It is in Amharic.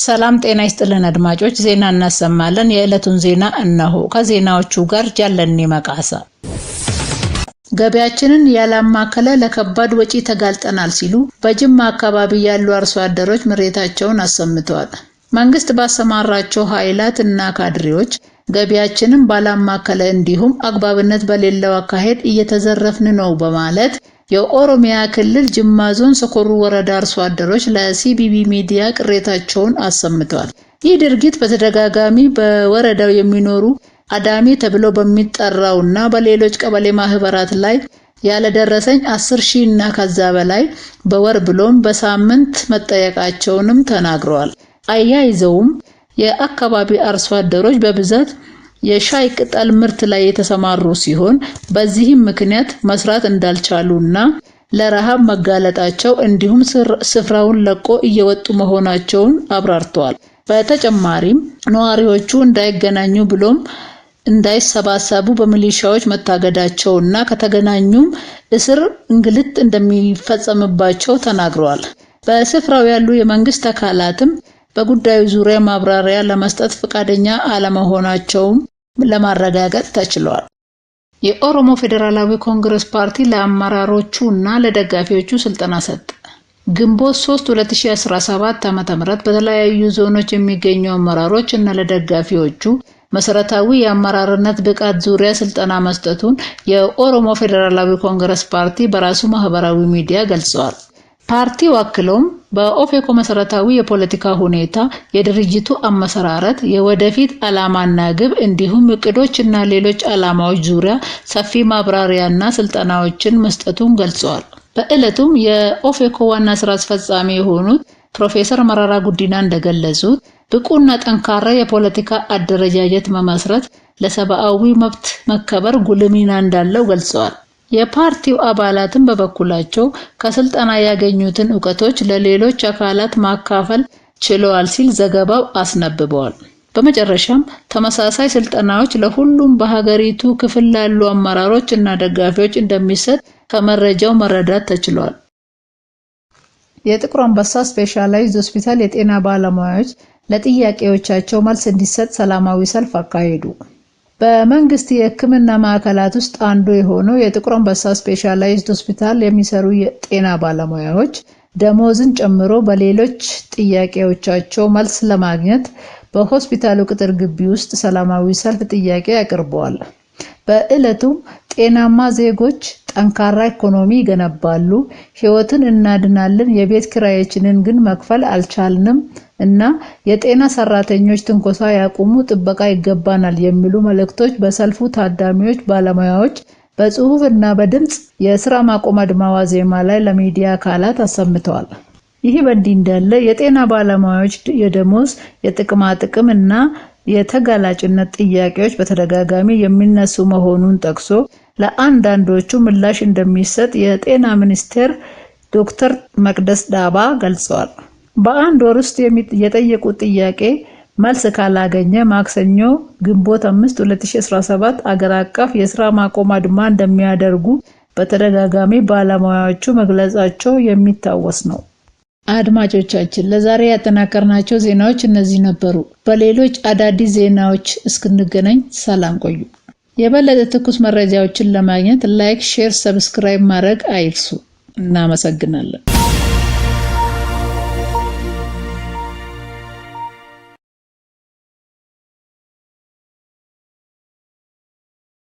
ሰላም ጤና ይስጥልን አድማጮች፣ ዜና እናሰማለን። የዕለቱን ዜና እነሆ። ከዜናዎቹ ጋር ጃለኔ መቃሳ። ገበያችንን ያላማከለ ለከባድ ወጪ ተጋልጠናል ሲሉ በጅማ አካባቢ ያሉ አርሶ አደሮች ምሬታቸውን አሰምተዋል። መንግስት ባሰማራቸው ኃይላት እና ካድሬዎች ገቢያችንን ባላማከለ እንዲሁም አግባብነት በሌለው አካሄድ እየተዘረፍን ነው በማለት የኦሮሚያ ክልል ጅማ ዞን ሰኮሩ ወረዳ አርሶ አደሮች ለሲቢቢ ሚዲያ ቅሬታቸውን አሰምተዋል። ይህ ድርጊት በተደጋጋሚ በወረዳው የሚኖሩ አዳሚ ተብሎ በሚጠራው እና በሌሎች ቀበሌ ማህበራት ላይ ያለደረሰኝ አስር ሺህ እና ከዛ በላይ በወር ብሎም በሳምንት መጠየቃቸውንም ተናግረዋል። አያይዘውም የአካባቢ አርሶ አደሮች በብዛት የሻይ ቅጠል ምርት ላይ የተሰማሩ ሲሆን በዚህም ምክንያት መስራት እንዳልቻሉና ለረሃብ መጋለጣቸው እንዲሁም ስፍራውን ለቆ እየወጡ መሆናቸውን አብራርተዋል። በተጨማሪም ነዋሪዎቹ እንዳይገናኙ ብሎም እንዳይሰባሰቡ በሚሊሻዎች መታገዳቸውና ከተገናኙም እስር፣ እንግልት እንደሚፈጸምባቸው ተናግረዋል። በስፍራው ያሉ የመንግስት አካላትም በጉዳዩ ዙሪያ ማብራሪያ ለመስጠት ፈቃደኛ አለመሆናቸውም ለማረጋገጥ ተችሏል። የኦሮሞ ፌዴራላዊ ኮንግረስ ፓርቲ ለአመራሮቹ እና ለደጋፊዎቹ ስልጠና ሰጠ። ግንቦት 3 2017 ዓ.ም በተለያዩ ዞኖች የሚገኙ አመራሮች እና ለደጋፊዎቹ መሰረታዊ የአመራርነት ብቃት ዙሪያ ስልጠና መስጠቱን የኦሮሞ ፌዴራላዊ ኮንግረስ ፓርቲ በራሱ ማህበራዊ ሚዲያ ገልጸዋል። ፓርቲው አክሎም በኦፌኮ መሰረታዊ የፖለቲካ ሁኔታ፣ የድርጅቱ አመሰራረት፣ የወደፊት ዓላማና ግብ እንዲሁም እቅዶች እና ሌሎች ዓላማዎች ዙሪያ ሰፊ ማብራሪያና ስልጠናዎችን መስጠቱን ገልጸዋል። በዕለቱም የኦፌኮ ዋና ስራ አስፈጻሚ የሆኑት ፕሮፌሰር መረራ ጉዲና እንደገለጹት ብቁና ጠንካራ የፖለቲካ አደረጃጀት መመስረት ለሰብአዊ መብት መከበር ጉልህ ሚና እንዳለው ገልጸዋል። የፓርቲው አባላትም በበኩላቸው ከስልጠና ያገኙትን እውቀቶች ለሌሎች አካላት ማካፈል ችለዋል ሲል ዘገባው አስነብበዋል። በመጨረሻም ተመሳሳይ ስልጠናዎች ለሁሉም በሀገሪቱ ክፍል ላሉ አመራሮች እና ደጋፊዎች እንደሚሰጥ ከመረጃው መረዳት ተችሏል። የጥቁር አንበሳ ስፔሻላይዝድ ሆስፒታል የጤና ባለሙያዎች ለጥያቄዎቻቸው መልስ እንዲሰጥ ሰላማዊ ሰልፍ አካሄዱ። በመንግስት የሕክምና ማዕከላት ውስጥ አንዱ የሆነው የጥቁር አንበሳ ስፔሻላይዝድ ሆስፒታል የሚሰሩ የጤና ባለሙያዎች ደሞዝን ጨምሮ በሌሎች ጥያቄዎቻቸው መልስ ለማግኘት በሆስፒታሉ ቅጥር ግቢ ውስጥ ሰላማዊ ሰልፍ ጥያቄ አቅርበዋል። በዕለቱም ጤናማ ዜጎች ጠንካራ ኢኮኖሚ ይገነባሉ። ሕይወትን እናድናለን፣ የቤት ኪራዮችንን ግን መክፈል አልቻልንም እና የጤና ሠራተኞች ትንኮሳ ያቁሙ፣ ጥበቃ ይገባናል የሚሉ መልዕክቶች በሰልፉ ታዳሚዎች፣ ባለሙያዎች በጽሑፍ እና በድምፅ የሥራ ማቆም አድማዋ ዜማ ላይ ለሚዲያ አካላት አሰምተዋል። ይህ በእንዲህ እንዳለ የጤና ባለሙያዎች የደሞዝ፣ የጥቅማ ጥቅም እና የተጋላጭነት ጥያቄዎች በተደጋጋሚ የሚነሱ መሆኑን ጠቅሶ ለአንዳንዶቹ ምላሽ እንደሚሰጥ የጤና ሚኒስቴር ዶክተር መቅደስ ዳባ ገልጸዋል። በአንድ ወር ውስጥ የጠየቁት ጥያቄ መልስ ካላገኘ ማክሰኞ ግንቦት 5 2017 አገር አቀፍ የስራ ማቆም አድማ እንደሚያደርጉ በተደጋጋሚ ባለሙያዎቹ መግለጻቸው የሚታወስ ነው። አድማጮቻችን ለዛሬ ያጠናቀርናቸው ዜናዎች እነዚህ ነበሩ። በሌሎች አዳዲስ ዜናዎች እስክንገናኝ ሰላም ቆዩ። የበለጠ ትኩስ መረጃዎችን ለማግኘት ላይክ፣ ሼር፣ ሰብስክራይብ ማድረግ አይርሱ። እናመሰግናለን።